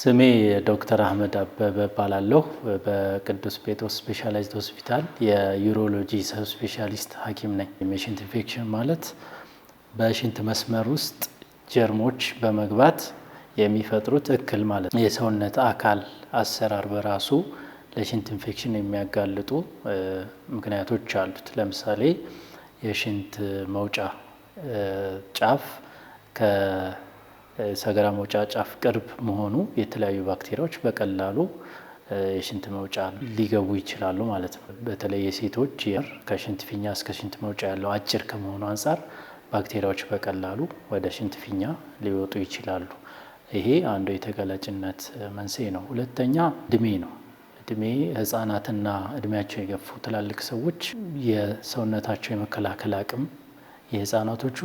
ስሜ ዶክተር አህመድ አበበ እባላለሁ። በቅዱስ ጴጥሮስ ስፔሻላይዝድ ሆስፒታል የዩሮሎጂ ሰብ ስፔሻሊስት ሐኪም ነኝ። የሽንት ኢንፌክሽን ማለት በሽንት መስመር ውስጥ ጀርሞች በመግባት የሚፈጥሩት እክል ማለት ነው። የሰውነት አካል አሰራር በራሱ ለሽንት ኢንፌክሽን የሚያጋልጡ ምክንያቶች አሉት። ለምሳሌ የሽንት መውጫ ጫፍ ሰገራ መውጫ ጫፍ ቅርብ መሆኑ የተለያዩ ባክቴሪያዎች በቀላሉ የሽንት መውጫ ሊገቡ ይችላሉ ማለት ነው። በተለይ የሴቶች ከሽንት ፊኛ እስከ ሽንት መውጫ ያለው አጭር ከመሆኑ አንጻር ባክቴሪያዎች በቀላሉ ወደ ሽንት ፊኛ ሊወጡ ይችላሉ። ይሄ አንዱ የተጋላጭነት መንስኤ ነው። ሁለተኛ እድሜ ነው። እድሜ ህጻናትና እድሜያቸው የገፉ ትላልቅ ሰዎች የሰውነታቸው የመከላከል አቅም የህፃናቶቹ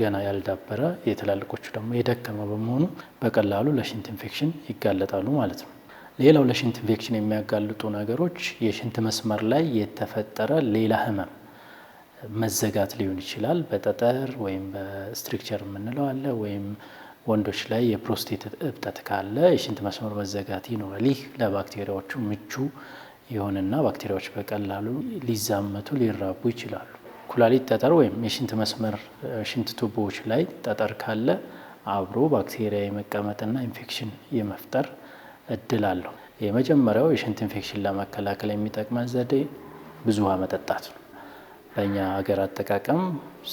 ገና ያልዳበረ የትላልቆቹ ደግሞ የደከመ በመሆኑ በቀላሉ ለሽንት ኢንፌክሽን ይጋለጣሉ ማለት ነው። ሌላው ለሽንት ኢንፌክሽን የሚያጋልጡ ነገሮች የሽንት መስመር ላይ የተፈጠረ ሌላ ህመም መዘጋት ሊሆን ይችላል። በጠጠር ወይም በስትሪክቸር የምንለው አለ። ወይም ወንዶች ላይ የፕሮስቴት እብጠት ካለ የሽንት መስመር መዘጋት ይኖራል። ይህ ለባክቴሪያዎቹ ምቹ የሆነና ባክቴሪያዎች በቀላሉ ሊዛመቱ ሊራቡ ይችላሉ። ኩላሊት ጠጠር ወይም የሽንት መስመር ሽንት ቱቦዎች ላይ ጠጠር ካለ አብሮ ባክቴሪያ የመቀመጥና ኢንፌክሽን የመፍጠር እድል አለው። የመጀመሪያው የሽንት ኢንፌክሽን ለመከላከል የሚጠቅመን ዘዴ ብዙ ውሃ መጠጣት ነው። በእኛ ሀገር አጠቃቀም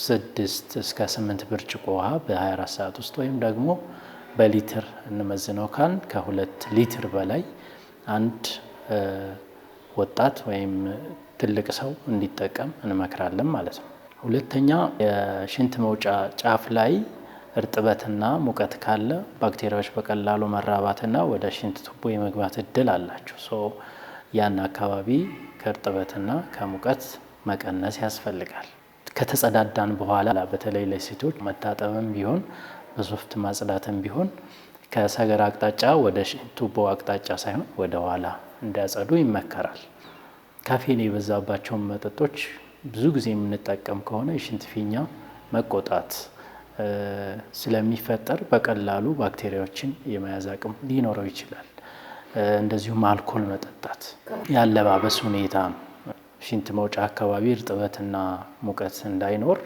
ስድስት እስከ ስምንት ብርጭቆ ውሃ በ24 ሰዓት ውስጥ ወይም ደግሞ በሊትር እንመዝነው ካን ከሁለት ሊትር በላይ አንድ ወጣት ወይም ትልቅ ሰው እንዲጠቀም እንመክራለን ማለት ነው። ሁለተኛ የሽንት መውጫ ጫፍ ላይ እርጥበትና ሙቀት ካለ ባክቴሪያዎች በቀላሉ መራባትና ወደ ሽንት ቱቦ የመግባት እድል አላቸው። ያን አካባቢ ከእርጥበትና ከሙቀት መቀነስ ያስፈልጋል። ከተጸዳዳን በኋላ በተለይ ለሴቶች መታጠብም ቢሆን በሶፍት ማጽዳትም ቢሆን ከሰገራ አቅጣጫ ወደ ቱቦ አቅጣጫ ሳይሆን ወደ ኋላ እንዲያጸዱ ይመከራል። ካፌን የበዛባቸውን መጠጦች ብዙ ጊዜ የምንጠቀም ከሆነ የሽንት ፊኛ መቆጣት ስለሚፈጠር በቀላሉ ባክቴሪያዎችን የመያዝ አቅም ሊኖረው ይችላል። እንደዚሁም አልኮል መጠጣት፣ ያለባበስ ሁኔታ ነው። ሽንት መውጫ አካባቢ እርጥበትና ሙቀት እንዳይኖር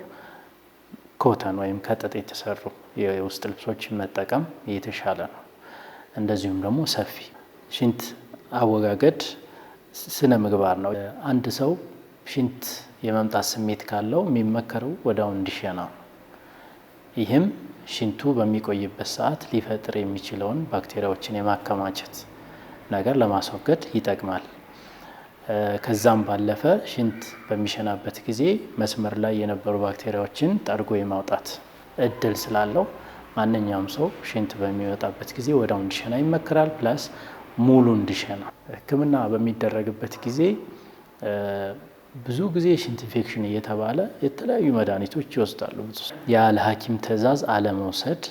ኮተን ወይም ከጥጥ የተሰሩ የውስጥ ልብሶችን መጠቀም የተሻለ ነው። እንደዚሁም ደግሞ ሰፊ ሽንት አወጋገድ ስነ ምግባር ነው። አንድ ሰው ሽንት የመምጣት ስሜት ካለው የሚመከረው ወዲያው እንዲሸና ነው። ይህም ሽንቱ በሚቆይበት ሰዓት ሊፈጥር የሚችለውን ባክቴሪያዎችን የማከማቸት ነገር ለማስወገድ ይጠቅማል። ከዛም ባለፈ ሽንት በሚሸናበት ጊዜ መስመር ላይ የነበሩ ባክቴሪያዎችን ጠርጎ የማውጣት እድል ስላለው ማንኛውም ሰው ሽንት በሚወጣበት ጊዜ ወዲያው እንዲሸና ይመከራል ፕላስ ሙሉ እንዲሸና ህክምና በሚደረግበት ጊዜ ብዙ ጊዜ ሽንት ኢንፌክሽን እየተባለ የተለያዩ መድኃኒቶች ይወስዳሉ። ያለ ሐኪም ትዕዛዝ አለመውሰድ፣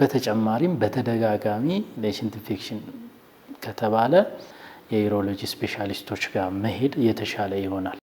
በተጨማሪም በተደጋጋሚ ለሽንት ኢንፌክሽን ከተባለ የዩሮሎጂ ስፔሻሊስቶች ጋር መሄድ የተሻለ ይሆናል።